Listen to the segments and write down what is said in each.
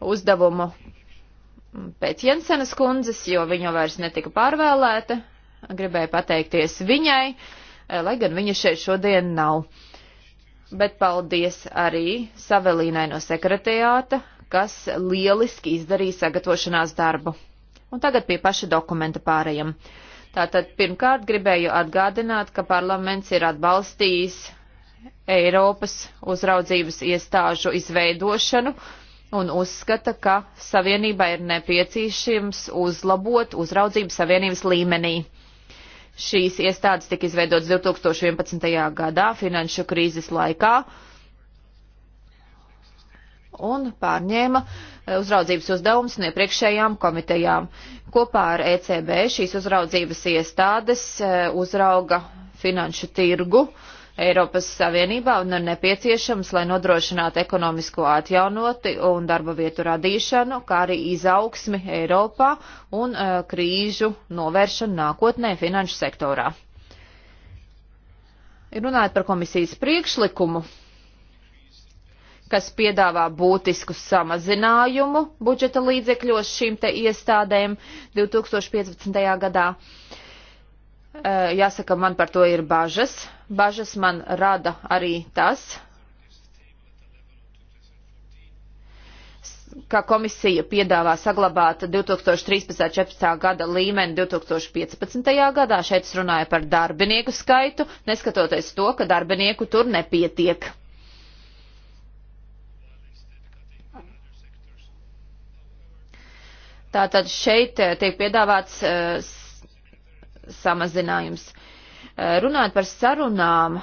uzdevumu pēc Jensenas kundzes, jo viņa vairs netika pārvēlēta. Gribēju pateikties viņai, eh, lai gan viņa šeit šodien nav. Bet paldies arī Savelīnai no sekretariāta, kas lieliski izdarīja sagatavošanās darbu. Un tagad pie paša dokumenta pārējiem. Tātad pirmkārt gribēju atgādināt, ka parlaments ir atbalstījis Eiropas uzraudzības iestāžu izveidošanu, uh, un uzskata, ka savienībā ir nepieciešams uzlabot uzraudzību savienības līmenī. Šīs iestādes tika izveidotas 2011. gadā finanšu krīzes laikā un pārņēma eh, uzraudzības uzdevumus no iepriekšējām komitejām. Kopā ar ECB šīs uzraudzības iestādes eh, uzrauga finanšu tirgu uh, Eiropas Savienībā un ir nepieciešams, lai nodrošinātu ekonomisko atjaunoti un darba vietu radīšanu, kā arī izaugsmi Eiropā un uh, krīžu novēršanu nākotnē finanšu sektorā. Runājot par komisijas priekšlikumu, kas piedāvā būtisku samazinājumu budžeta līdzekļos šīm te iestādēm 2015. gadā. Uh, Eh, jāsaka, man par to ir bažas. Bažas man rada arī tas, ka komisija piedāvā saglabāt 2013.14. gada līmeni 2015. gadā. Šeit es runāju par darbinieku skaitu, neskatoties to, ka darbinieku tur nepietiek. Tātad šeit eh, tiek piedāvāts eh, samazinājums. Eh, runājot par sarunām,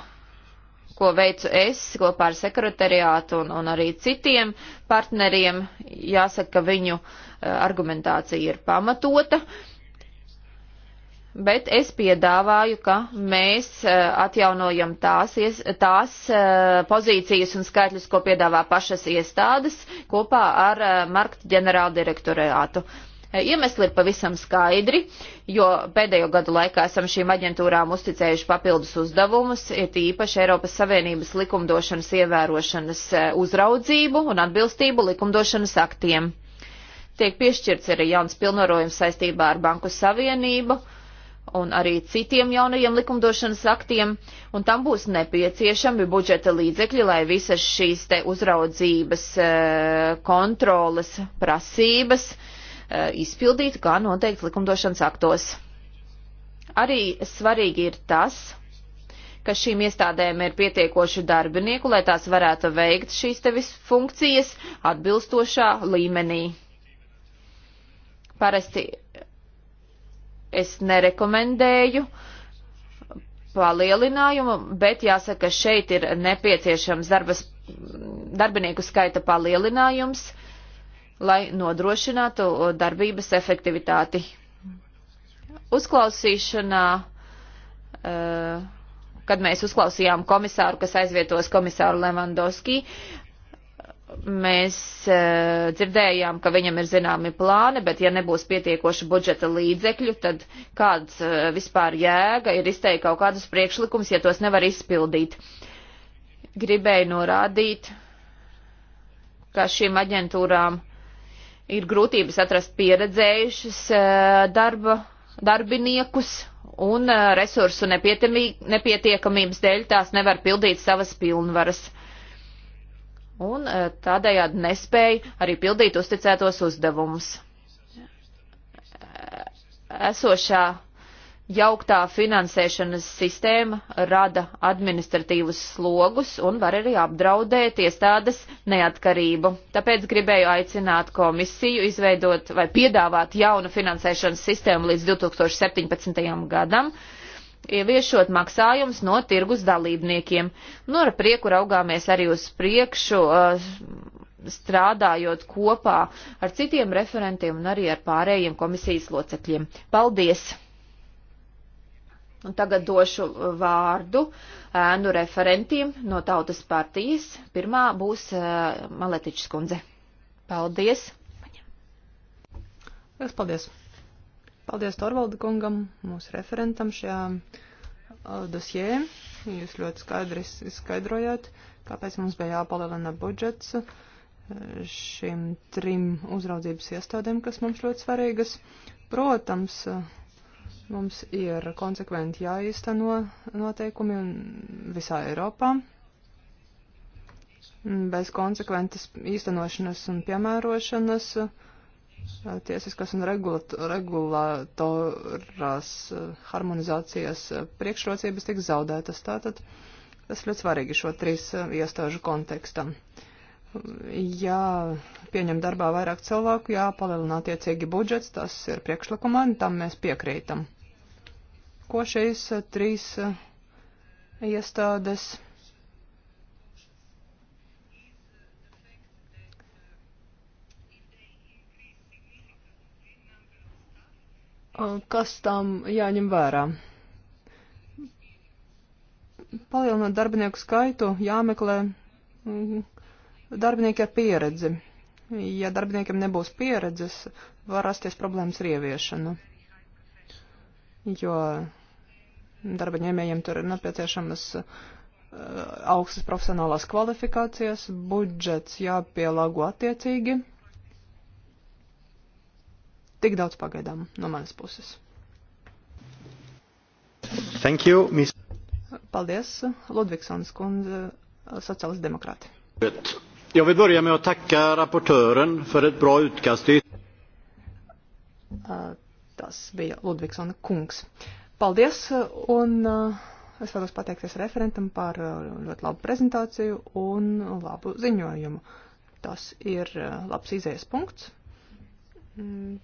ko veicu es kopā ar sekretariātu un, un arī citiem partneriem, jāsaka, ka viņu eh, argumentācija ir pamatota. Bet es piedāvāju, ka mēs eh, atjaunojam tās, tās pozīcijas un skaitļus, ko piedāvā pašas iestādes kopā ar Markta ģenerāldirektorātu. direktorēātu E, iemesli ir pavisam skaidri, jo pēdējo gadu laikā esam šīm aģentūrām uzticējuši papildus uzdevumus, ir īpaši Eiropas Savienības likumdošanas ievērošanas e, uzraudzību un atbilstību likumdošanas aktiem. Tiek piešķirts arī jauns pilnvarojums saistībā ar Banku Savienību un arī citiem jaunajiem likumdošanas aktiem, un tam būs nepieciešami budžeta līdzekļi, lai visas šīs te uzraudzības e, kontroles prasības uh, Eh, izpildītu, kā noteikti likumdošanas aktos. Arī svarīgi ir tas, ka šīm iestādēm ir pietiekoši darbinieku, lai tās varētu veikt šīs tevis funkcijas atbilstošā līmenī. Parasti es nerekomendēju palielinājumu, bet jāsaka, šeit ir nepieciešams darbas, darbinieku skaita palielinājums. Uh, lai nodrošinātu darbības efektivitāti. Uzklausīšanā, e, kad mēs uzklausījām komisāru, kas aizvietos komisāru Levandovski, mēs e, dzirdējām, ka viņam ir zināmi plāni, bet ja nebūs pietiekoši budžeta līdzekļu, tad kāds e, vispār jēga ir izteikt kaut kādus priekšlikumus, ja tos nevar izpildīt. Gribēju norādīt, ka šīm aģentūrām uh, ir grūtības atrast pieredzējušas eh, darba, darbiniekus un eh, resursu nepietiekamības dēļ tās nevar pildīt savas pilnvaras. Un eh, tādējādi nespēja arī pildīt uzticētos uzdevumus. Esošā jauktā finansēšanas sistēma rada administratīvus slogus un var arī apdraudēt iestādes neatkarību. Tāpēc gribēju aicināt komisiju izveidot vai piedāvāt jaunu finansēšanas sistēmu līdz 2017. gadam, ieviešot maksājums no tirgus dalībniekiem. Nu, ar prieku raugāmies arī uz priekšu, uh, strādājot kopā ar citiem referentiem un arī ar pārējiem komisijas locekļiem. Paldies! Un tagad došu vārdu ēnu referentiem no Tautas partijas. Pirmā būs Maletičs kundze. Paldies! Es paldies! Paldies Torvalda kungam, mūsu referentam šajā dosjē. Jūs ļoti skaidri izskaidrojāt, kāpēc mums bija jāpalielina budžets šīm trim uzraudzības iestādēm, kas mums ļoti svarīgas. Protams, Mums ir konsekventi jāīsteno noteikumi visā Eiropā. Bez konsekventas īstenošanas un piemērošanas eh, tiesiskas un regulātorās eh, harmonizācijas eh, priekšrocības tiks zaudētas. Tātad tas ļoti svarīgi šo trīs iestāžu kontekstam. Ja pieņem darbā vairāk cilvēku, jāpalielina attiecīgi budžets, tas ir priekšlikumā, tam mēs piekrītam ko šīs eh, trīs eh, iestādes eh, kas tam jāņem vērā. Palielinot darbinieku skaitu, jāmeklē mm, darbinieki ar pieredzi. Ja darbiniekiem nebūs pieredzes, var rasties problēmas ar ieviešanu jo darba ņēmējiem tur ir nepieciešamas uh, augstas profesionālās kvalifikācijas, budžets jāpielāgo attiecīgi. Tik daudz pagaidām no manas puses. Thank you, Miss. Paldies, Ludvigsons kundze, sociālisti demokrāti. Bet. Jag vill börja med att tacka rapportören för ett bra utkast. Uh, Tas bija Ludvigsona kungs. Paldies, un uh, es vēlos pateikties referentam par uh, ļoti labu prezentāciju un labu ziņojumu. Tas ir uh, labs izējas punkts mm,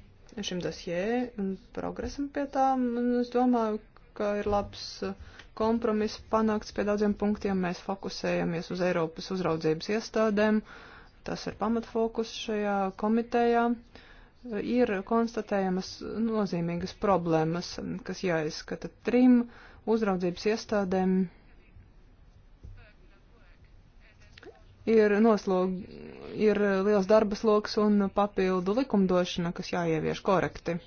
šim dosjē un progresam pie tā. Un es domāju, ka ir labs kompromiss panākts pie daudziem punktiem. Mēs fokusējamies uz Eiropas uzraudzības iestādēm. Tas ir pamatfokus šajā komitejā. Uh, ir konstatējamas nozīmīgas problēmas, kas jāizskata trim uzraudzības iestādēm. Ir, noslog, ir liels darbas loks un papildu likumdošana, kas jāievieš korekti.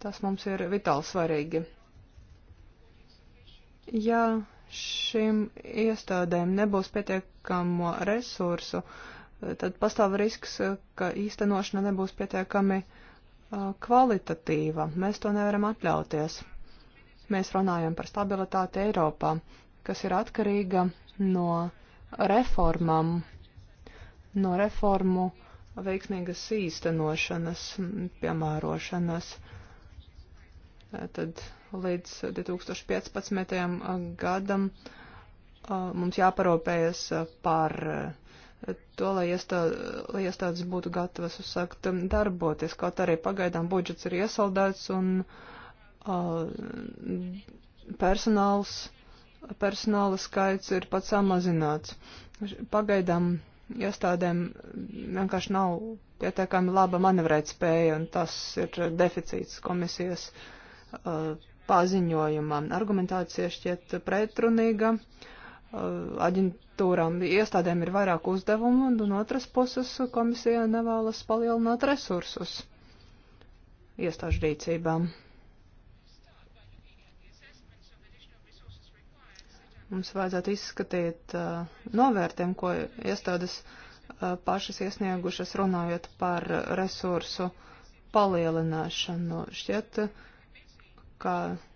Tas mums ir vitāli svarīgi. Ja šīm iestādēm nebūs pietiekamo resursu, uh, tad pastāv risks, ka īstenošana nebūs pietiekami kvalitatīva. Mēs to nevaram atļauties. Mēs runājam par stabilitāti Eiropā, kas ir atkarīga no reformām, no reformu veiksmīgas īstenošanas, piemērošanas. Tad līdz 2015. gadam mums jāparūpējas par to, lai, iestā, lai iestādes būtu gatavas uzsākt um, darboties, kaut arī pagaidām budžets ir iesaldēts un uh, personāls, personāla skaits ir pats samazināts. Pagaidām iestādēm vienkārši nav pietiekami laba manevrēt spēja, un tas ir deficīts komisijas uh, paziņojumam. Argumentācija šķiet pretrunīga. Uh, aģentūrām, iestādēm ir vairāk uzdevumu, un, un otras puses komisija nevēlas palielināt resursus iestāžu rīcībām. Mums vajadzētu izskatīt uh, novērtiem, ko iestādes uh, pašas iesniegušas runājot par resursu palielināšanu. Šķiet, ka. Uh,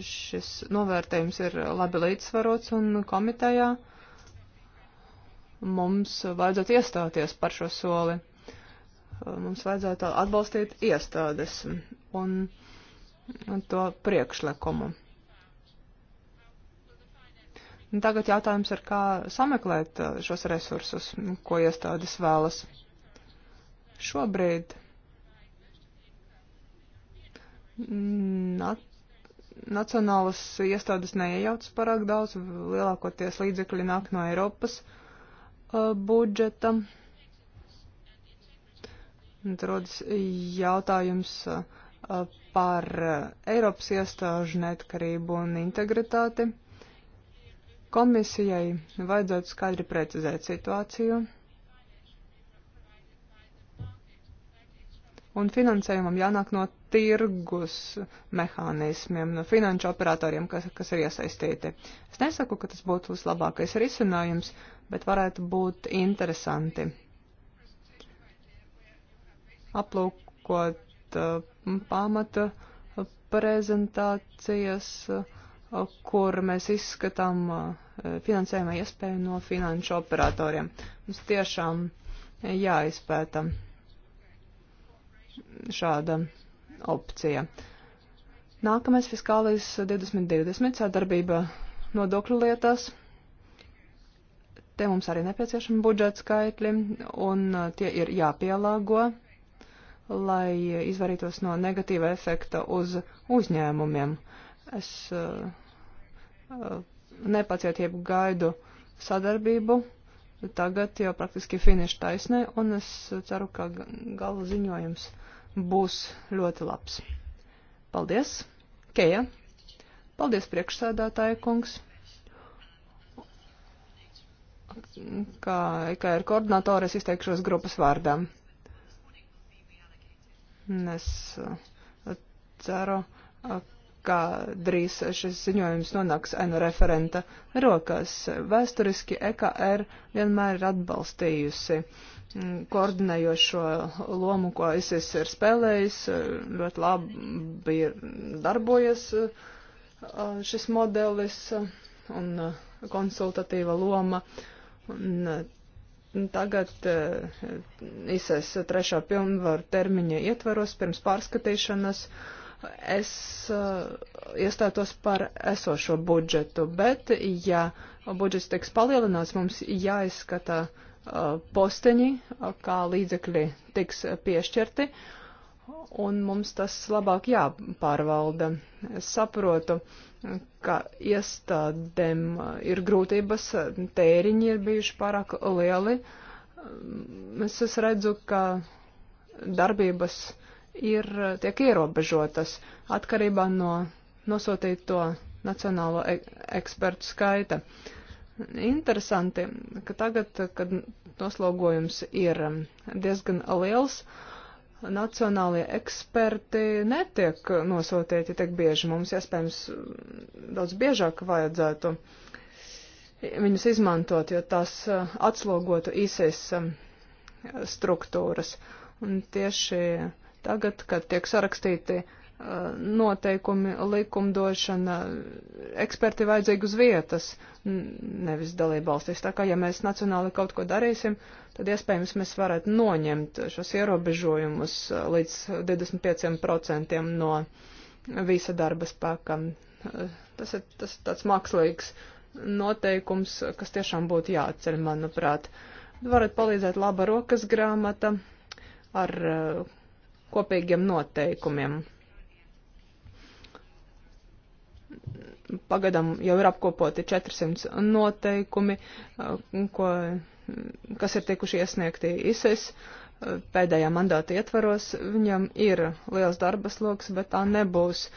šis novērtējums ir labi līdzsvarots un komitejā mums vajadzētu iestāties par šo soli. Mums vajadzētu atbalstīt iestādes un to priekšlikumu. Tagad jautājums ir, kā sameklēt šos resursus, ko iestādes vēlas. Šobrīd nacionālas iestādes neiejaucas pārāk daudz, lielākoties līdzekļi nāk no Eiropas uh, budžeta. Tad rodas jautājums uh, uh par uh, Eiropas iestāžu neatkarību un integritāti. Komisijai vajadzētu skaidri precizēt situāciju. un finansējumam jānāk no tirgus mehānismiem, no finanšu operatoriem, kas, kas ir iesaistīti. Es nesaku, ka tas būtu vislabākais risinājums, bet varētu būt interesanti aplūkot uh, pamata prezentācijas, uh, kur mēs izskatām uh, finansējuma iespēju no finanšu operatoriem. Mums tiešām jāizpēta. Uh, šāda opcija. Nākamais fiskālais 2020 sadarbība nodokļu lietās. Te mums arī nepieciešami budžeta skaitļi, un uh, tie ir jāpielāgo, lai izvarītos no negatīva efekta uz uzņēmumiem. Es uh, uh nepacietību gaidu sadarbību tagad jau praktiski finiša taisnē, un es ceru, ka gala ziņojums būs ļoti labs. Paldies, Keja! Paldies, priekšsēdētāja kungs! Kā, e kā ir koordinātori, es izteikšos grupas vārdā. Es uh, ceru, uh, kā drīz šis ziņojums nonāks ēnu referenta rokās. Vēsturiski EKR vienmēr ir atbalstījusi mm, koordinējošo lomu, ko ISIS ir spēlējis, ļoti labi ir darbojies šis modelis un konsultatīva loma. Un tagad ISIS trešā pilnvaru termiņa ietvaros pirms pārskatīšanas. Uh, es uh, iestātos par esošo budžetu, bet ja budžets tiks palielināts, mums jāizskata uh, posteņi, uh, kā līdzekļi tiks piešķirti, un mums tas labāk jāpārvalda. Es saprotu, ka iestādēm eh, ir grūtības, tēriņi ir bijuši pārāk lieli. Es, es redzu, ka darbības uh, ir, tiek ierobežotas atkarībā no nosūtīto nacionālo e ekspertu skaita. Interesanti, ka tagad, kad noslogojums ir um, diezgan liels, nacionālie eksperti netiek nosūtīti tik bieži. Mums iespējams daudz biežāk vajadzētu viņus izmantot, jo tās uh, atslogotu īsais um, struktūras. Un tieši Tagad, kad tiek sarakstīti uh, noteikumi, likumdošana, eksperti vajadzīgi uz vietas, nevis dalība valstīs. Tā kā, ja mēs nacionāli kaut ko darīsim, tad iespējams mēs varētu noņemt šos ierobežojumus uh, līdz 25% no visa darba spēka. Uh, tas ir, tas ir tāds mākslīgs noteikums, kas tiešām būtu jāatceļ, manuprāt. Varat palīdzēt laba rokas grāmata ar uh, kopīgiem noteikumiem. Pagadam jau ir apkopoti 400 noteikumi, eh, ko, kas ir tikuši iesniegti ISIS eh, pēdējā mandāta ietvaros. Viņam ir liels darbas loks, bet tā nebūs eh,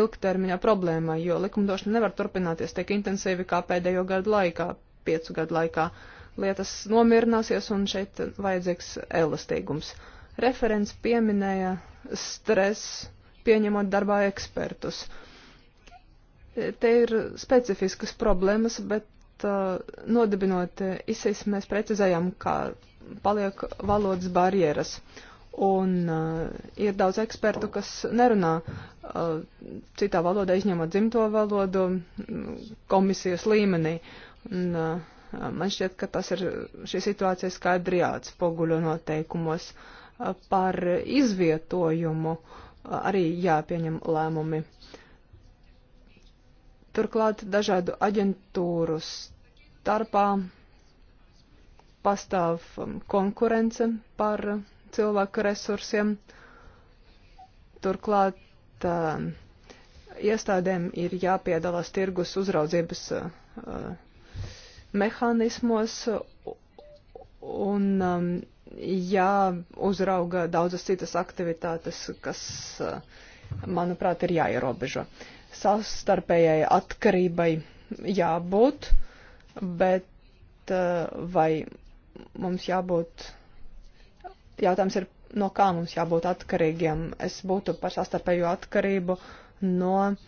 ilgtermiņā problēma, jo likumdošana nevar turpināties tik intensīvi kā pēdējo gadu laikā, piecu gadu laikā. Lietas nomierināsies un šeit vajadzīgs elastīgums. Uh, Referents pieminēja stresu, pieņemot darbā ekspertus. Te ir specifiskas problēmas, bet uh, nodibinot ISIS mēs precizējam, kā paliek valodas barjeras. Un uh, ir daudz ekspertu, kas nerunā uh, citā valodā, izņemot dzimto valodu mm, komisijas līmenī. Un, uh, man šķiet, ka tas ir šī situācija skaidri jāatspoguļo noteikumos. Uh, par izvietojumu arī jāpieņem lēmumi. Turklāt dažādu aģentūru starpā pastāv um, konkurence par cilvēku resursiem. Turklāt um, iestādēm ir jāpiedalās tirgus uzraudzības uh, mehānismos un um, jāuzrauga daudzas citas aktivitātes, kas, eh, manuprāt, ir jāierobežo. Savstarpējai atkarībai jābūt, bet eh, vai mums jābūt, jautājums ir, no kā mums jābūt atkarīgiem. Es būtu par sastarpēju atkarību no uh,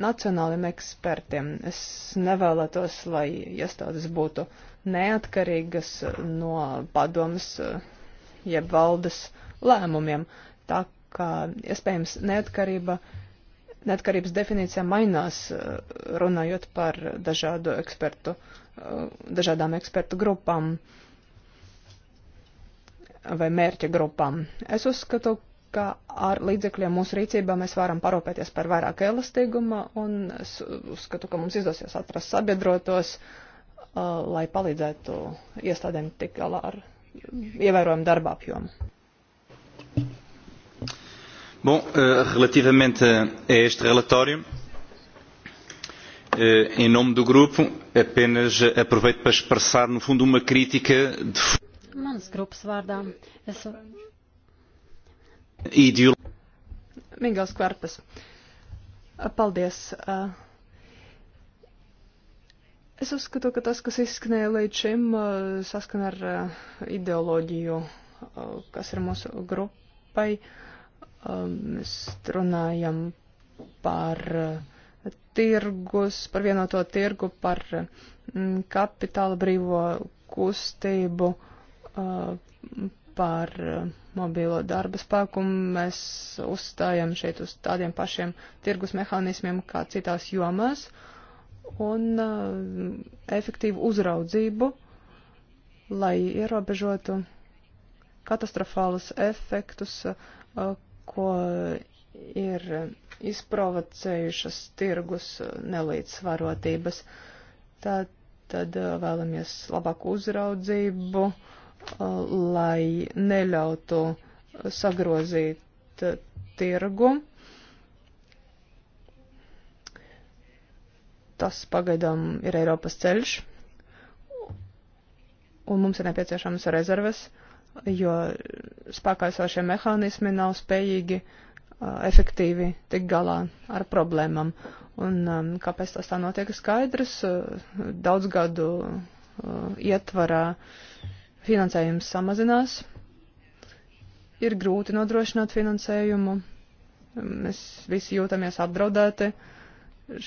nacionāliem ekspertiem. Es nevēlētos, lai iestādes būtu neatkarīgas no padomas jeb valdes lēmumiem, tā kā iespējams neatkarība, neatkarības definīcija mainās, runājot par dažādu ekspertu, dažādām ekspertu grupām vai mērķa grupām. Es uzskatu, ka ar līdzekļiem mūsu rīcībā mēs varam parūpēties par vairāk elastīguma, un es uzskatu, ka mums izdosies atrast sabiedrotos, uh, lai palīdzētu iestādēm tik galā ar ievērojumu darba apjomu. Bom, uh, relativamente uh, a este relatório, em nome do grupo, apenas aproveito para expressar, no fundo, uma crítica de. Manas grupas vārdā es Mingels Kvartas. Paldies. Es uzskatu, ka tas, kas izskanēja līdz šim, saskan ar eh, ideoloģiju, eh, kas ir mūsu grupai. Ehm, mēs runājam par eh, tirgus, par vienoto tirgu, par mm, kapitāla brīvo kustību, par eh, mobīlo darba spēku. Mēs uzstājam šeit uz tādiem pašiem tirgus mehānismiem kā citās jomās un eh, efektīvu uzraudzību, lai ierobežotu katastrofālus efektus, eh, ko ir izprovocējušas tirgus nelīdzsvarotības. Tad, tad vēlamies labāku uzraudzību, uh, lai neļautu sagrozīt tirgu. Tas pagaidām ir Eiropas ceļš, un mums ir nepieciešamas rezerves, jo spēkā esošie mehānismi nav spējīgi efektīvi tik galā ar problēmām. Un um, kāpēc tas tā notiek skaidrs, daudz gadu uh, ietvarā uh, finansējums samazinās, ir grūti nodrošināt finansējumu, mēs visi jūtamies apdraudēti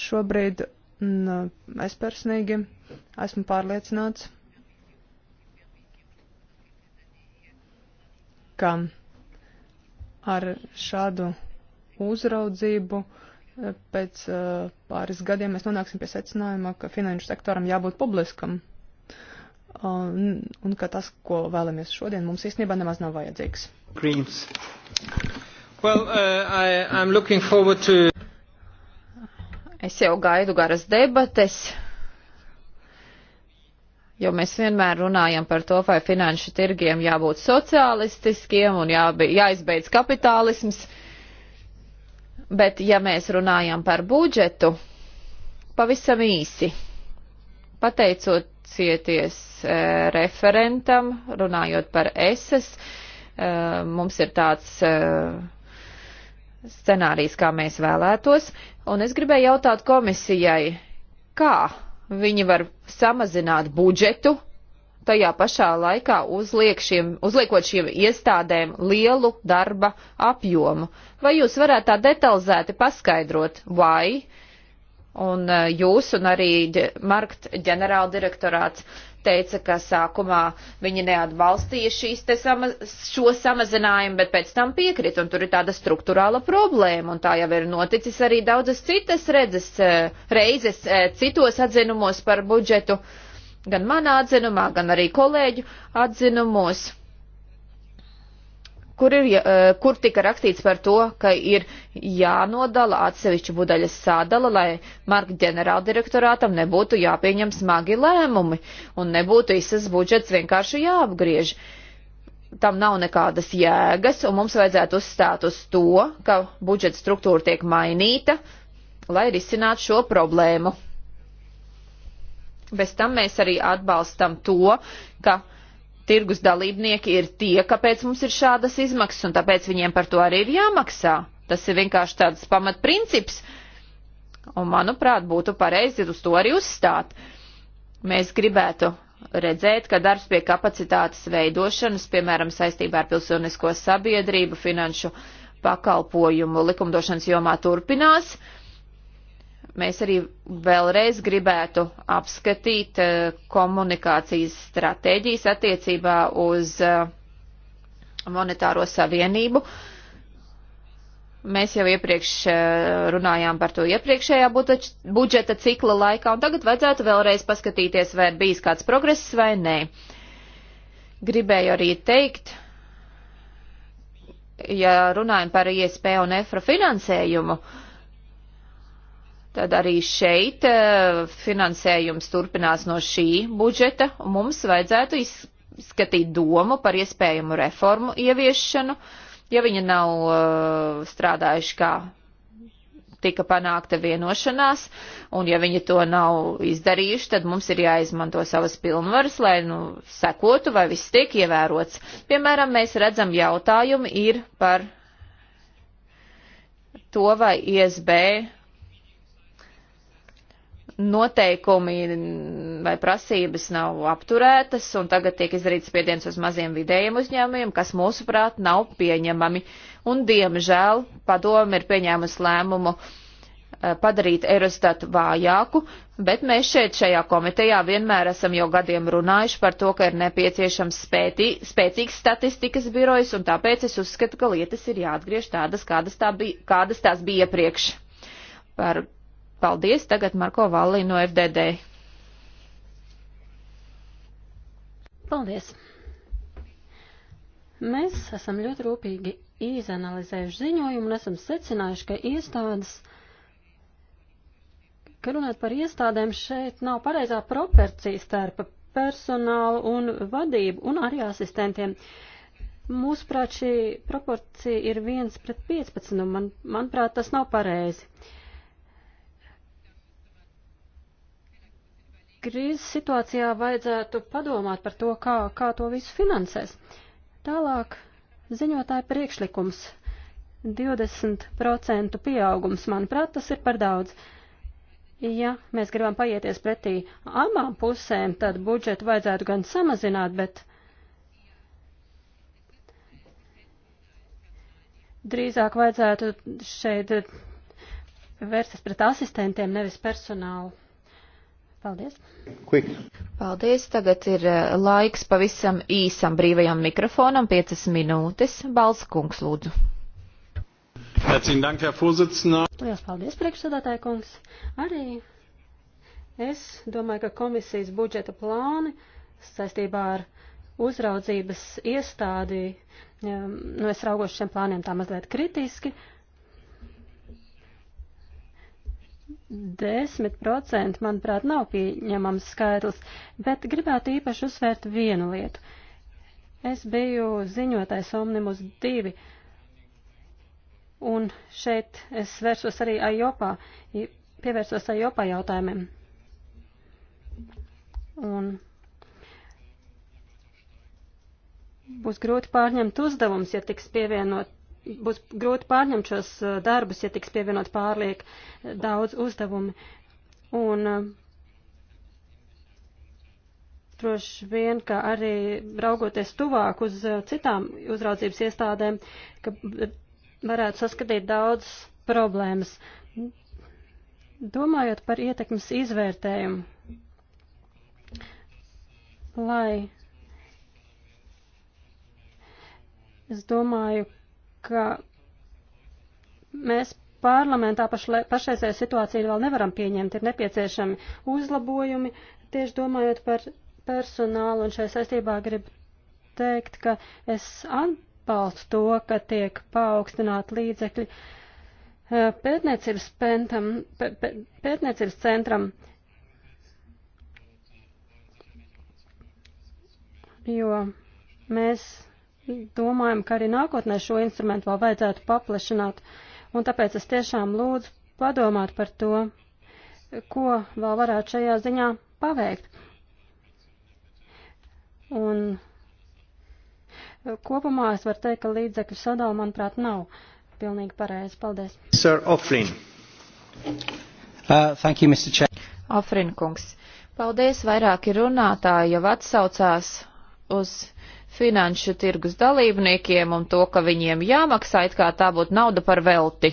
šobrīd, un uh, es personīgi esmu pārliecināts, ka ar šādu uzraudzību uh, pēc uh, pāris gadiem mēs nonāksim pie secinājuma, ka finanšu sektoram jābūt publiskam un, un ka tas, ko vēlamies šodien, mums īstenībā nemaz nav vajadzīgs. Greens. Well, uh, I, to... Es jau gaidu garas debates, jo mēs vienmēr runājam par to, vai finanšu tirgiem jābūt sociālistiskiem un jābe, jāizbeidz kapitālisms. Bet, ja mēs runājam par budžetu, pavisam īsi, pateicot pateicieties e, referentam, runājot par eses. E, mums ir tāds e, scenārijs, kā mēs vēlētos, un es gribēju jautāt komisijai, kā viņi var samazināt budžetu, tajā pašā laikā uzliek šiem, uzliekot šiem iestādēm lielu darba apjomu. Vai jūs varētu tā detalizēti paskaidrot, vai uh, Un e, jūs un arī Markt ģenerāldirektorāts teica, ka sākumā viņi neatbalstīja šīs te sama, šo samazinājumu, bet pēc tam piekrit, un tur ir tāda struktūrāla problēma, un tā jau ir noticis arī daudzas citas redzes, e, reizes e, citos atzinumos par budžetu, gan manā atzinumā, gan arī kolēģu atzinumos kur, ir, eh, kur tika rakstīts par to, ka ir jānodala atsevišķa budaļas sādala, lai Marka ģenerāldirektorātam nebūtu jāpieņem smagi lēmumi un nebūtu visas budžets vienkārši jāapgriež. Tam nav nekādas jēgas, un mums vajadzētu uzstāt uz to, ka budžeta struktūra tiek mainīta, lai risinātu šo problēmu. Bez tam mēs arī atbalstam to, ka tirgus dalībnieki ir tie, kāpēc mums ir šādas izmaksas, un tāpēc viņiem par to arī ir jāmaksā. Tas ir vienkārši tāds pamatprincips, un, manuprāt, būtu pareizi uz to arī uzstāt. Mēs gribētu redzēt, ka darbs pie kapacitātes veidošanas, piemēram, saistībā ar pilsonisko sabiedrību, finanšu pakalpojumu likumdošanas jomā turpinās. Uh, mēs arī vēlreiz gribētu apskatīt eh, komunikācijas stratēģijas attiecībā uz eh, monetāro savienību. Mēs jau iepriekš eh, runājām par to iepriekšējā budžeta cikla laikā, un tagad vajadzētu vēlreiz paskatīties, vai ir bijis kāds progress vai nē. Gribēju arī teikt, ja runājam par ISP un EFRA finansējumu, uh, Tad arī šeit eh, finansējums turpinās no šī budžeta, un mums vajadzētu izskatīt domu par iespējamu reformu ieviešanu, ja viņa nav uh, strādājuši kā tika panākta vienošanās, un ja viņi to nav izdarījuši, tad mums ir jāizmanto savas pilnvaras, lai nu, sekotu, vai viss tiek ievērots. Piemēram, mēs redzam jautājumu ir par to, vai ISB noteikumi vai prasības nav apturētas, un tagad tiek izdarīts spiediens uz maziem vidējiem uzņēmumiem, kas mūsuprāt nav pieņemami. Un, diemžēl, padomi ir pieņēmusi lēmumu eh, padarīt Eurostatu vājāku, bet mēs šeit šajā komitejā vienmēr esam jau gadiem runājuši par to, ka ir nepieciešams spētī, spēcīgs statistikas birojs, un tāpēc es uzskatu, ka lietas ir jāatgriež tādas, kādas, tā bija, kādas tās bija iepriekš. Par Paldies, tagad Marko Vallī no FDD. Paldies. Mēs esam ļoti rūpīgi izanalizējuši ziņojumu un esam secinājuši, ka iestādes, ka runāt par iestādēm šeit nav pareizā proporcija starp personālu un vadību un arī asistentiem. Mūsuprāt, šī proporcija ir 1 pret 15, un man, manuprāt, tas nav pareizi. Uh, krīzes situācijā vajadzētu padomāt par to, kā, kā to visu finansēs. Tālāk ziņotāja priekšlikums. 20% pieaugums, manuprāt, tas ir par daudz. Ja mēs gribam paieties pretī abām pusēm, tad budžetu vajadzētu gan samazināt, bet drīzāk vajadzētu šeit vērsties pret asistentiem, nevis personālu. Paldies. Quick. Paldies. Tagad ir eh, laiks pavisam īsam brīvajam mikrofonam, piecas minūtes. Balskungs, lūdzu. Dank, Lielas paldies, priekšsēdētāja kungs. Arī es domāju, ka komisijas budžeta plāni saistībā ar uzraudzības iestādi, ehm, nu es raugos šiem plāniem tā mazliet kritiski, 10%, manuprāt, nav pieņemams skaitlis, bet gribētu īpaši uzsvērt vienu lietu. Es biju ziņotais Omnibus 2, un šeit es vērsos arī AJOPA, pievērsos AJOPA jautājumiem. Un būs grūti pārņemt uzdevums, ja tiks pievienot būs grūti pārņemt šos darbus, ja tiks pievienot pārliek daudz uzdevumi. Un droši vien, ka arī raugoties tuvāk uz citām uzraudzības iestādēm, ka varētu saskatīt daudz problēmas. Domājot par ietekmes izvērtējumu, lai es domāju, ka mēs parlamentā pašreizējā situācija vēl nevaram pieņemt, ir nepieciešami uzlabojumi, tieši domājot par personālu, un šai saistībā gribu teikt, ka es atbalstu to, ka tiek paaugstināt līdzekļi eh, pētniecības, pentam, pētniecības centram, jo mēs domājam, ka arī nākotnē šo instrumentu vēl vajadzētu paplašināt, un tāpēc es tiešām lūdzu padomāt par to, ko vēl varētu šajā ziņā paveikt. Un kopumā es varu teikt, ka līdzekļu sadala, manuprāt, nav pilnīgi pareizi. Paldies. Sir Ofrin. Uh, thank you, Mr. Chair. Ofrin kungs. Paldies, vairāki runātāji jau atsaucās uz finanšu tirgus dalībniekiem un to, ka viņiem jāmaksā, it kā tā būtu nauda par velti.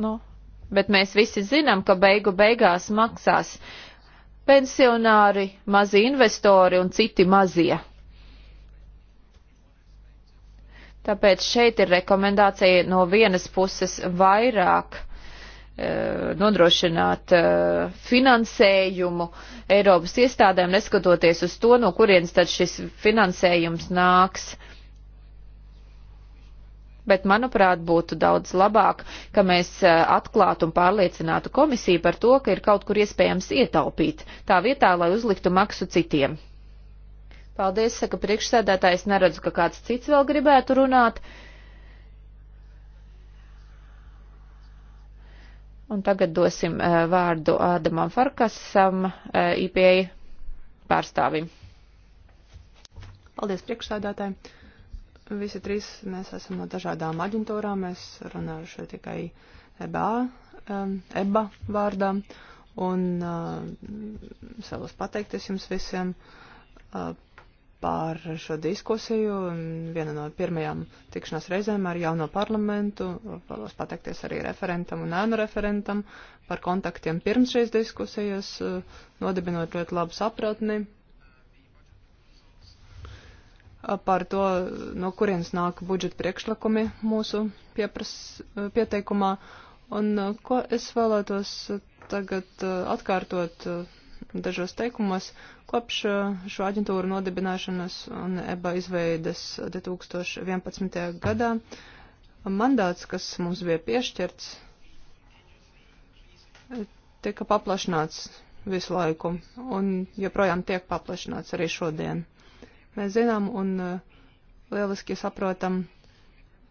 Nu, bet mēs visi zinām, ka beigu beigās maksās pensionāri, mazi investori un citi mazie. Tāpēc šeit ir rekomendācija no vienas puses vairāk Eh, nodrošināt eh, finansējumu Eiropas iestādēm, neskatoties uz to, no kurienes tad šis finansējums nāks. Bet, manuprāt, būtu daudz labāk, ka mēs eh, atklātu un pārliecinātu komisiju par to, ka ir kaut kur iespējams ietaupīt, tā vietā, lai uzliktu maksu citiem. Paldies, saka priekšsēdētājs, neredzu, ka kāds cits vēl gribētu runāt. Uh, Un tagad dosim eh, vārdu Ādamam Farkasam, eh, IPA pārstāvim. Paldies priekšsādātājiem. Visi trīs mēs esam no dažādām aģentūrām. Es runāju šeit tikai EBA, EBA vārdā. Un uh, eh, es vēlos pateikties jums visiem uh, par šo diskusiju. Viena no pirmajām tikšanās reizēm ar jauno parlamentu. Vēlos pateikties arī referentam un ēnu referentam par kontaktiem pirms šīs diskusijas, nodibinot ļoti labu sapratni par to, no kurienes nāk budžeta priekšlikumi mūsu piepras, pieteikumā. Un ko es vēlētos tagad uh, atkārtot uh, dažos teikumos. Kopš uh, šo aģentūru nodibināšanas un EBA izveides 2011. Uh, gadā mandāts, kas mums bija piešķirts, tika paplašināts visu laiku un joprojām tiek paplašināts arī šodien. Mēs zinām un uh, lieliski saprotam,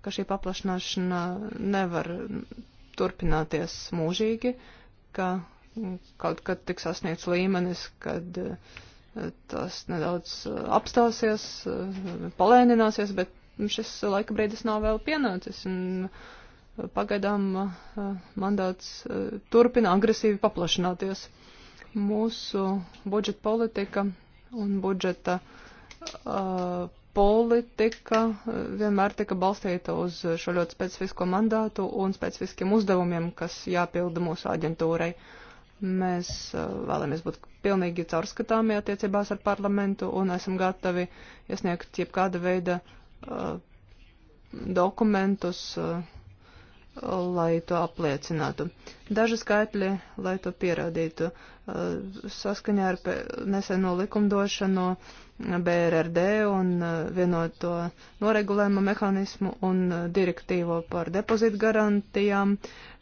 ka šī paplašināšana nevar turpināties mūžīgi, ka kaut kad tiks sasniegts līmenis, kad eh, tas nedaudz eh, apstāsies, eh, palēnināsies, bet šis laika brīdis nav vēl pienācis. Un pagaidām mandāts turpina agresīvi paplašināties. Mūsu budžeta politika un budžeta uh, politika vienmēr tika balstīta uz šo ļoti specifisko mandātu un specifiskiem uzdevumiem, kas jāpilda mūsu aģentūrai. Uh, Mēs uh, vēlamies būt pilnīgi caurskatāmie attiecībās ar parlamentu un esam gatavi iesniegt jebkāda veida uh, dokumentus, uh, lai to apliecinātu. Daži skaitļi, lai to pierādītu, uh, saskaņā ar neseno likumdošanu BRRD un uh, vienoto noregulējumu mehānismu un uh, direktīvo par depozītu garantijām. Uh,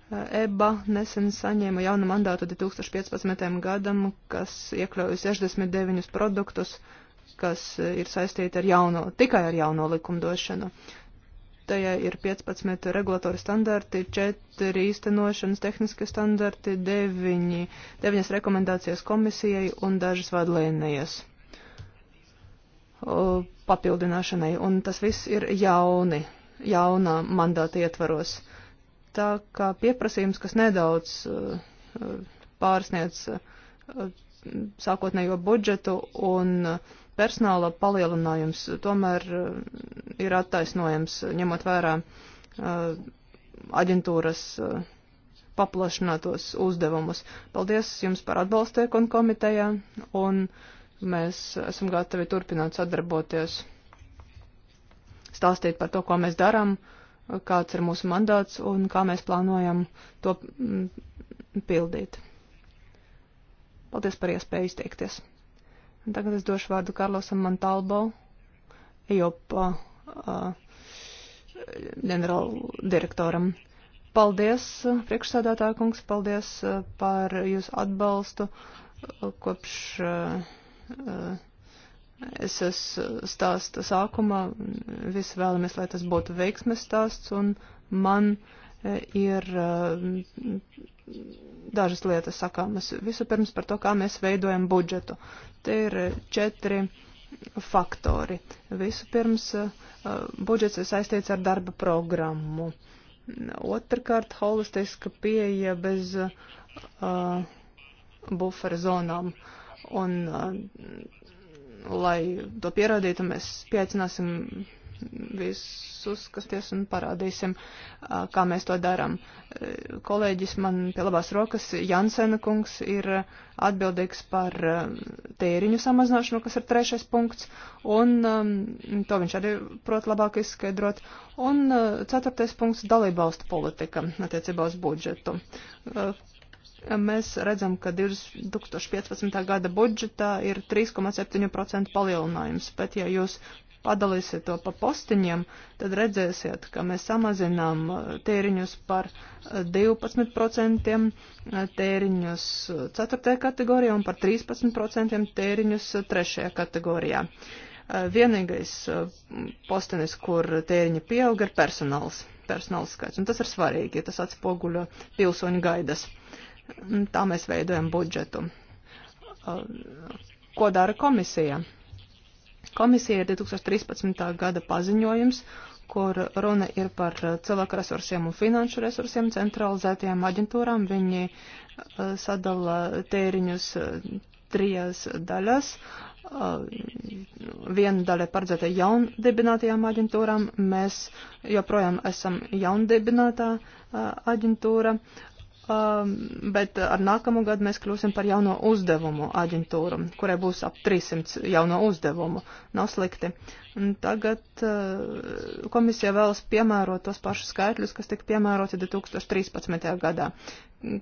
EBA nesen saņēma jaunu mandātu 2015. gadam, kas iekļauj 69 produktus, kas ir saistīti ar jauno, tikai ar jauno likumdošanu. Tajā ir 15 regulatori standarti, 4 īstenošanas tehniski standarti, 9, 9 rekomendācijas komisijai un dažas vadlīnijas papildināšanai. Un tas viss ir jauni, jaunā mandāta ietvaros. Uh, tā kā pieprasījums, kas nedaudz eh, pārsniec eh, sākotnējo budžetu un eh, personāla palielinājums tomēr ir attaisnojams, ņemot vērā aģentūras paplašinātos uzdevumus. Paldies jums par atbalstu ekon komitejā, un mēs esam gatavi turpināt sadarboties, stāstīt par to, ko mēs darām kāds ir mūsu mandāts un kā mēs plānojam to mm, pildīt. Paldies par iespēju izteikties. Tagad es došu vārdu Karlosam Mantalbo, Ejopa uh, ģenerāldirektoram. Paldies, priekšsēdētā kungs, paldies par jūsu atbalstu kopš. Uh, uh, Es esmu stāsta sākumā, visi vēlamies, lai tas būtu veiksmes stāsts, un man e, ir e, dažas lietas sakāmas. Vispirms par to, kā mēs veidojam budžetu. Te ir četri faktori. Vispirms e, budžets ir saistīts ar darba programmu. Otrakārt, holistiska pieeja bez uh, bufera zonām. Un uh, lai to pierādītu, mēs pieaicināsim visus, kas ties un parādīsim, kā mēs to darām. Kolēģis man pie labās rokas, Jansena kungs, ir atbildīgs par tēriņu samazināšanu, kas ir trešais punkts, un to viņš arī prot labāk izskaidrot. Un ceturtais punkts - dalībvalstu politika attiecībā uz budžetu. Mēs redzam, ka 2015. gada budžetā ir 3,7% palielinājums, bet ja jūs padalīsiet to pa postiņiem, tad redzēsiet, ka mēs samazinām uh, tēriņus par 12%, uh, uh, tēriņus 4. kategorijā un par 13% tēriņus 3. kategorijā. Vienīgais postenis, kur tēriņi pieaug, ir personāls, personāls skaits, un tas ir svarīgi, ja tas atspoguļo pilsoņu gaidas. Uh, Tā mēs veidojam budžetu. Uh, ko dara komisija? Komisija ir 2013. gada paziņojums, kur runa ir par uh, cilvēku resursiem un finanšu resursiem centralizētajām aģentūrām. Viņi uh, sadala tēriņus trijās daļās. Viena daļa paredzēta jaundibinātajām aģentūrām. Mēs joprojām esam jaundibinātā aģentūra. Um, bet ar nākamo gadu mēs kļūsim par jauno uzdevumu aģentūru, kurai būs ap 300 jauno uzdevumu. Nav slikti. Tagad uh, komisija vēlas piemērot tos pašus skaitļus, kas tika piemēroti 2013. gadā.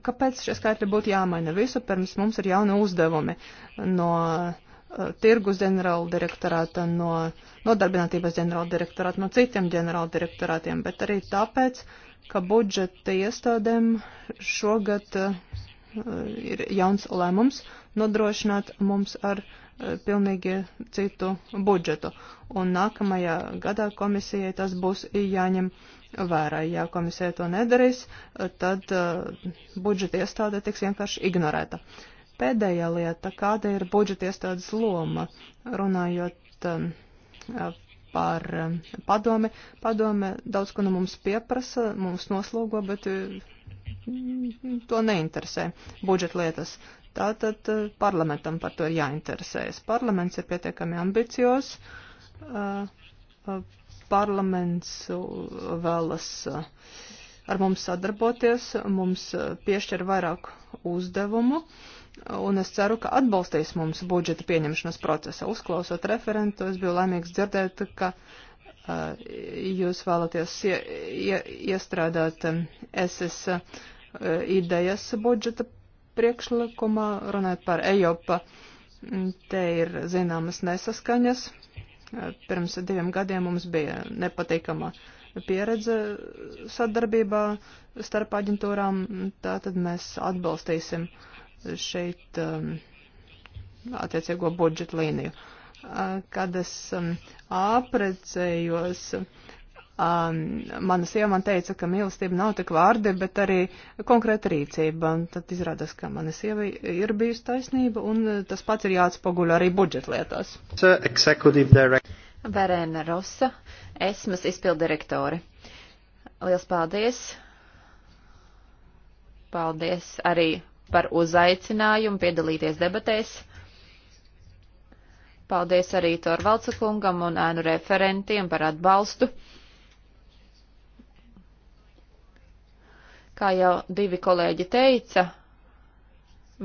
Kāpēc šie skaitļi būtu jāmaina? Visu pirms mums ir jauni uzdevumi no. Uh, Uh, tirgus ģenerāla direktorāta, no nodarbinātības ģenerāla direktorāta, no citiem ģenerāla direktorātiem, bet arī tāpēc, ka budžeta iestādēm šogad uh, ir jauns lēmums nodrošināt mums ar uh, pilnīgi citu budžetu. Un nākamajā gadā komisijai tas būs jāņem vērā. Ja komisija to nedarīs, tad budžeta iestāde tiks vienkārši ignorēta. Uh, pēdējā lieta, kāda ir budžeta iestādes loma, runājot um, par um, padomi. Padome daudz ko no mums pieprasa, mums noslogo, bet mm, to neinteresē budžeta lietas. Tātad uh, parlamentam par to ir jāinteresējas. Parlaments ir pietiekami ambicios. Uh, uh, parlaments vēlas uh, ar mums sadarboties, mums eh, piešķir vairāk uzdevumu, un es ceru, ka atbalstīs mums budžeta pieņemšanas procesa. Uzklausot referentu, es biju laimīgs dzirdēt, ka eh, jūs vēlaties ie, ie, iestrādāt SS eh, idejas budžeta priekšlikumā, runājot par Ejopa, te ir zināmas nesaskaņas. Pirms diviem gadiem mums bija nepatīkama uh, pieredze sadarbībā starp aģentūrām, tā tad mēs atbalstīsim šeit um, attiecīgo budžetu līniju. Uh, kad es um, aprecējos, um, mana sieva man teica, ka mīlestība nav tik vārdi, bet arī konkrēta rīcība. Un tad izrādās, ka mana sieva ir bijusi taisnība, un tas pats ir jāatspoguļo arī budžetlietās. Verēna Rosa, esmas izpildirektore. Liels paldies! Paldies arī par uzaicinājumu piedalīties debatēs. Paldies arī Torvaldsa kungam un ēnu referentiem par atbalstu. Kā jau divi kolēģi teica,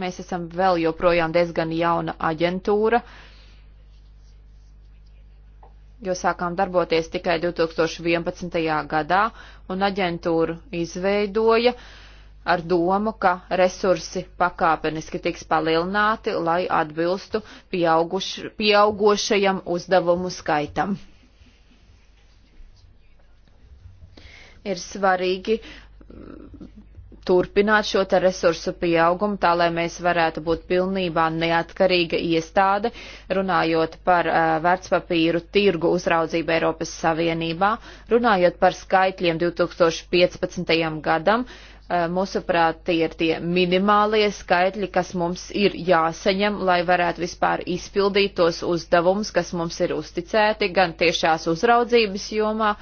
mēs esam vēl joprojām diezgan jauna aģentūra. Uh, jo sākām darboties tikai 2011. gadā, un aģentūru izveidoja ar domu, ka resursi pakāpeniski tiks palielināti, lai atbilstu pieauguš, pieaugošajam uzdevumu skaitam. Ir svarīgi turpināt šo te resursu pieaugumu, tā lai mēs varētu būt pilnībā neatkarīga iestāde, runājot par uh, vērtspapīru tirgu uzraudzību Eiropas Savienībā, runājot par skaitļiem 2015. gadam. Uh, Mūsuprāt, tie ir tie minimālie skaitļi, kas mums ir jāsaņem, lai varētu vispār izpildīt tos uzdevumus, kas mums ir uzticēti gan tiešās uzraudzības jomā,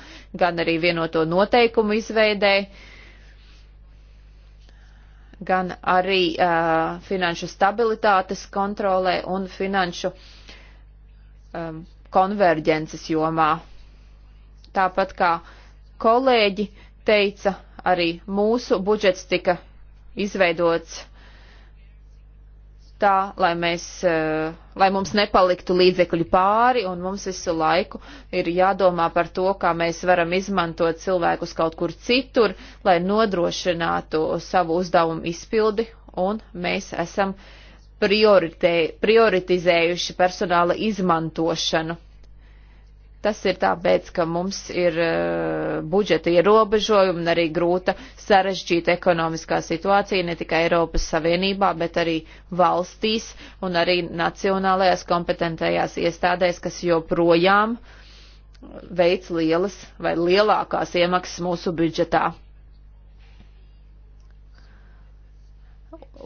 gan arī vienoto noteikumu izveidēji gan arī uh, finanšu stabilitātes kontrolē un finanšu um, konverģences jomā. Tāpat kā kolēģi teica, arī mūsu budžets tika izveidots tā, lai, mēs, eh, lai mums nepaliktu līdzekļu pāri, un mums visu laiku ir jādomā par to, kā mēs varam izmantot cilvēkus kaut kur citur, lai nodrošinātu savu uzdevumu izpildi, un mēs esam prioritē, prioritizējuši personāla izmantošanu. Tas ir tāpēc, ka mums ir eh, budžeta ierobežojumi un arī grūta sarežģīta ekonomiskā situācija ne tikai Eiropas Savienībā, bet arī valstīs un arī nacionālajās kompetentajās iestādēs, kas joprojām veids lielas vai lielākās iemaksas mūsu budžetā.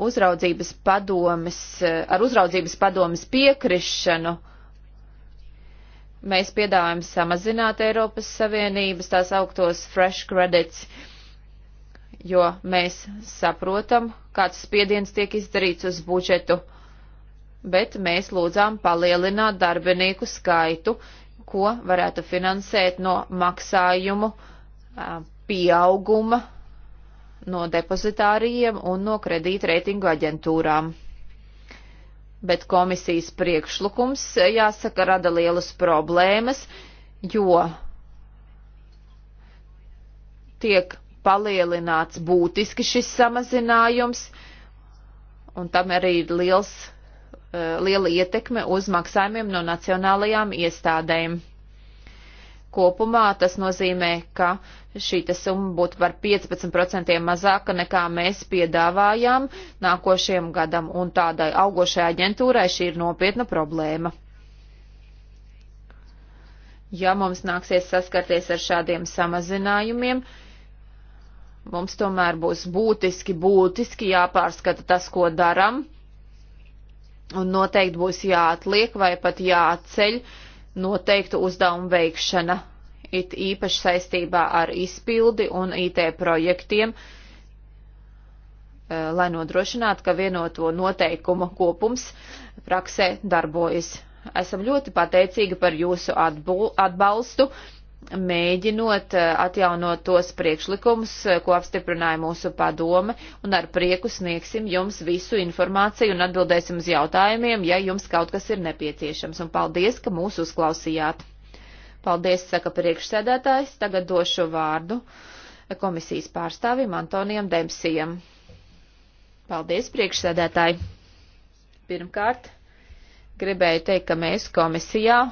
Uzraudzības padomes, eh, ar uzraudzības padomes piekrišanu uh, Mēs piedāvājam samazināt Eiropas Savienības tās augtos fresh credits, jo mēs saprotam, kāds spiediens tiek izdarīts uz budžetu, bet mēs lūdzām palielināt darbinieku skaitu, ko varētu finansēt no maksājumu pieauguma no depozitārijiem un no kredītreitingu aģentūrām bet komisijas priekšlikums, eh, jāsaka, rada lielas problēmas, jo tiek palielināts būtiski šis samazinājums, un tam arī ir liels, eh, liela ietekme uz maksājumiem no nacionālajām iestādēm. Kopumā tas nozīmē, ka šī summa būtu par 15% mazāka nekā mēs piedāvājām nākošajam gadam, un tādai augošai aģentūrai šī ir nopietna problēma. Ja mums nāksies saskarties ar šādiem samazinājumiem, mums tomēr būs būtiski, būtiski jāpārskata tas, ko daram, un noteikti būs jāatliek vai pat jāatceļ uh, noteiktu uzdevumu veikšana, it īpaši saistībā ar izpildi un IT projektiem, eh, lai nodrošinātu, ka vienoto noteikumu kopums praksē darbojas. Esam ļoti pateicīgi par jūsu atbalstu mēģinot eh, atjaunot tos priekšlikumus, eh, ko apstiprināja mūsu padome, un ar prieku sniegsim jums visu informāciju un atbildēsim uz jautājumiem, ja jums kaut kas ir nepieciešams. Un paldies, ka mūs uzklausījāt. Paldies, saka priekšsēdētājs. Tagad došu vārdu komisijas pārstāvim Antonijam Dempsijam. Paldies, priekšsēdētāji. Pirmkārt, gribēju teikt, ka mēs komisijā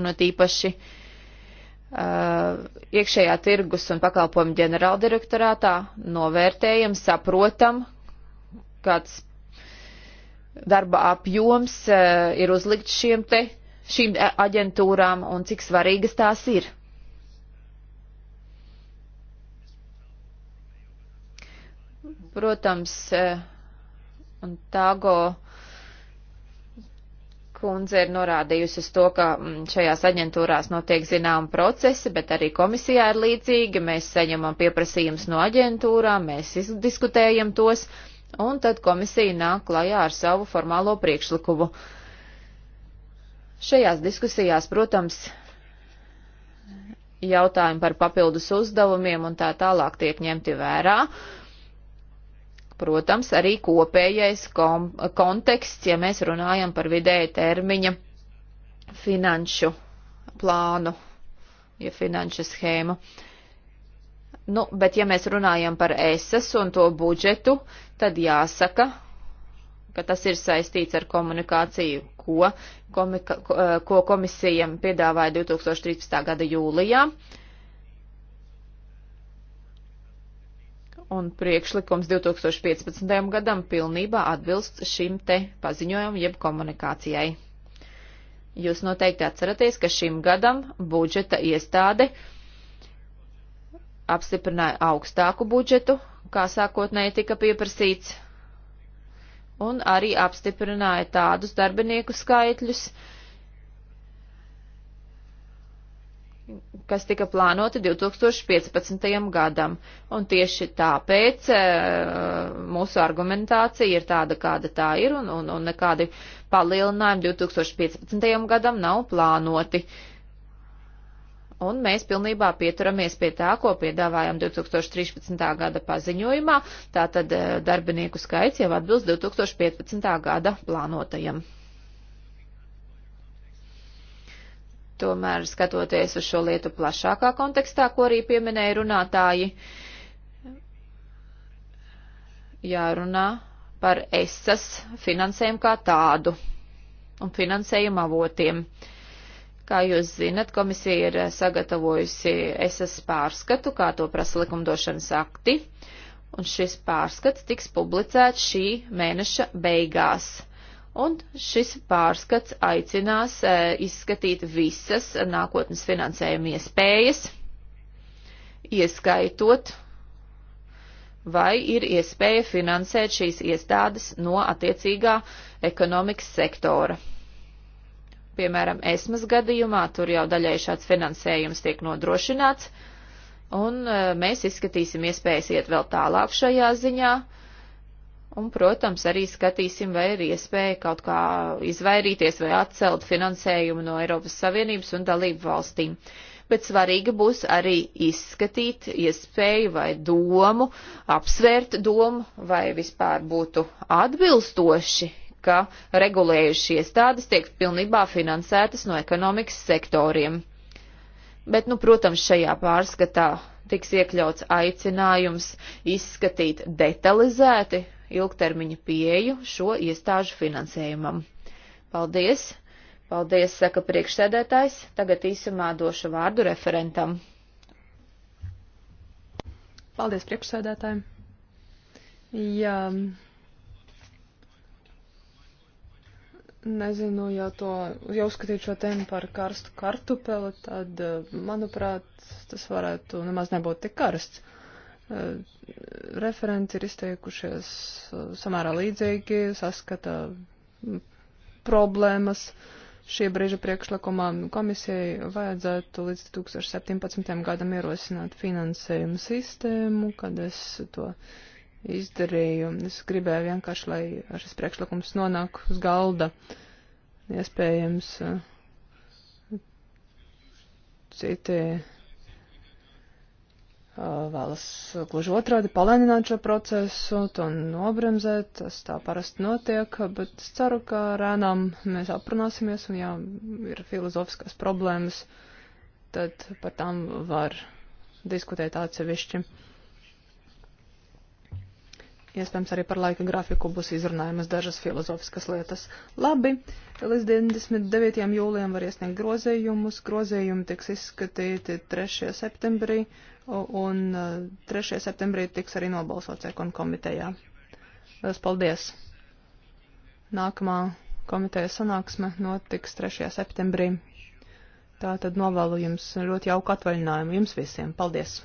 un tīpaši uh, iekšējā tirgus un pakalpojumu ģenerāldirektorātā novērtējam, saprotam, kāds darba apjoms uh, ir uzlikts šiem te, šīm aģentūrām un cik svarīgas tās ir. Protams, uh, un Tāgo uh, kundze ir norādījusi uz to, ka mm, šajās aģentūrās notiek zinām procesi, bet arī komisijā ir līdzīgi. Mēs saņemam pieprasījumus no aģentūrām, mēs diskutējam tos, un tad komisija nāk klajā ar savu formālo priekšlikumu. Šajās diskusijās, protams, jautājumi par papildus uzdevumiem un tā tālāk tiek ņemti vērā. Uh, protams, arī kopējais kom konteksts, ja mēs runājam par vidēja termiņa finanšu plānu, ja finanšu schēmu. Nu, bet ja mēs runājam par ESAS un to budžetu, tad jāsaka, ka tas ir saistīts ar komunikāciju, ko, komika, ko komisija piedāvāja 2013. gada jūlijā. Uh, un priekšlikums 2015. gadam pilnībā atbilst šim te paziņojumam jeb komunikācijai. Jūs noteikti atceraties, ka šim gadam budžeta iestāde apstiprināja augstāku budžetu, kā sākotnēji tika pieprasīts, un arī apstiprināja tādus darbinieku skaitļus, uh, kas tika plānoti 2015. gadam. Un tieši tāpēc e, mūsu argumentācija ir tāda, kāda tā ir, un, un, un nekādi palielinājumi 2015. gadam nav plānoti. Un mēs pilnībā pieturamies pie tā, ko piedāvājam 2013. gada paziņojumā, tātad e, darbinieku skaits jau atbilst 2015. gada plānotajam. Tomēr, skatoties uz šo lietu plašākā kontekstā, ko arī pieminēja runātāji, jārunā par ESAS finansējumu kā tādu un finansējumu avotiem. Kā jūs zinat, komisija ir sagatavojusi ESAS pārskatu, kā to prasa likumdošanas akti, un šis pārskats tiks publicēts šī mēneša beigās. Un šis pārskats aicinās e, izskatīt visas nākotnes finansējuma iespējas, ieskaitot, vai ir iespēja finansēt šīs iestādes no attiecīgā ekonomikas sektora. Piemēram, esmas gadījumā tur jau daļai šāds finansējums tiek nodrošināts, un e, mēs izskatīsim iespējas iet vēl tālāk šajā ziņā Un, protams, arī skatīsim, vai ir iespēja kaut kā izvairīties vai atcelt finansējumu no Eiropas Savienības un dalību valstīm. Bet svarīgi būs arī izskatīt iespēju vai domu, apsvērt domu, vai vispār būtu atbilstoši, ka regulējušie iestādes tiek pilnībā finansētas no ekonomikas sektoriem. Bet, nu, protams, šajā pārskatā tiks iekļauts aicinājums izskatīt detalizēti ilgtermiņa pieju šo iestāžu finansējumam. Paldies! Paldies, saka priekšsēdētājs. Tagad īsumā došu vārdu referentam. Paldies priekšsēdētājiem. Jā, nezinu, ja to, ja uzskatītu šo tēmu par karstu kartupeli, tad, eh, manuprāt, tas varētu nemaz nebūt tik karsts. Eh, referenti ir izteikušies uh, samērā līdzīgi, saskata mm, problēmas. Šī brīža priekšlikumā komisijai vajadzētu līdz 2017. gadam ierosināt finansējumu sistēmu, kad es to izdarīju. Es gribēju vienkārši, lai šis priekšlikums nonāk uz galda. Iespējams, uh, citi Uh, vēlas gluži otrādi palēnināt šo procesu, to nobremzēt, tas tā parasti notiek, bet es ceru, ka rēnām mēs aprunāsimies, un ja ir filozofiskās problēmas, tad par tām var diskutēt atsevišķi. Iespējams, arī par laika grafiku būs izrunājamas dažas filozofiskas lietas. Labi, līdz 29. jūlijam var iesniegt grozējumus. Grozējumi tiks izskatīti 3. septembrī. Uh, un 3. Eh, septembrī tiks arī nobalsots ekonu komitejā. Lielas paldies! Nākamā komitejas sanāksme notiks 3. septembrī. Tā tad novēlu jums ļoti jauku atvaļinājumu jums visiem. Paldies!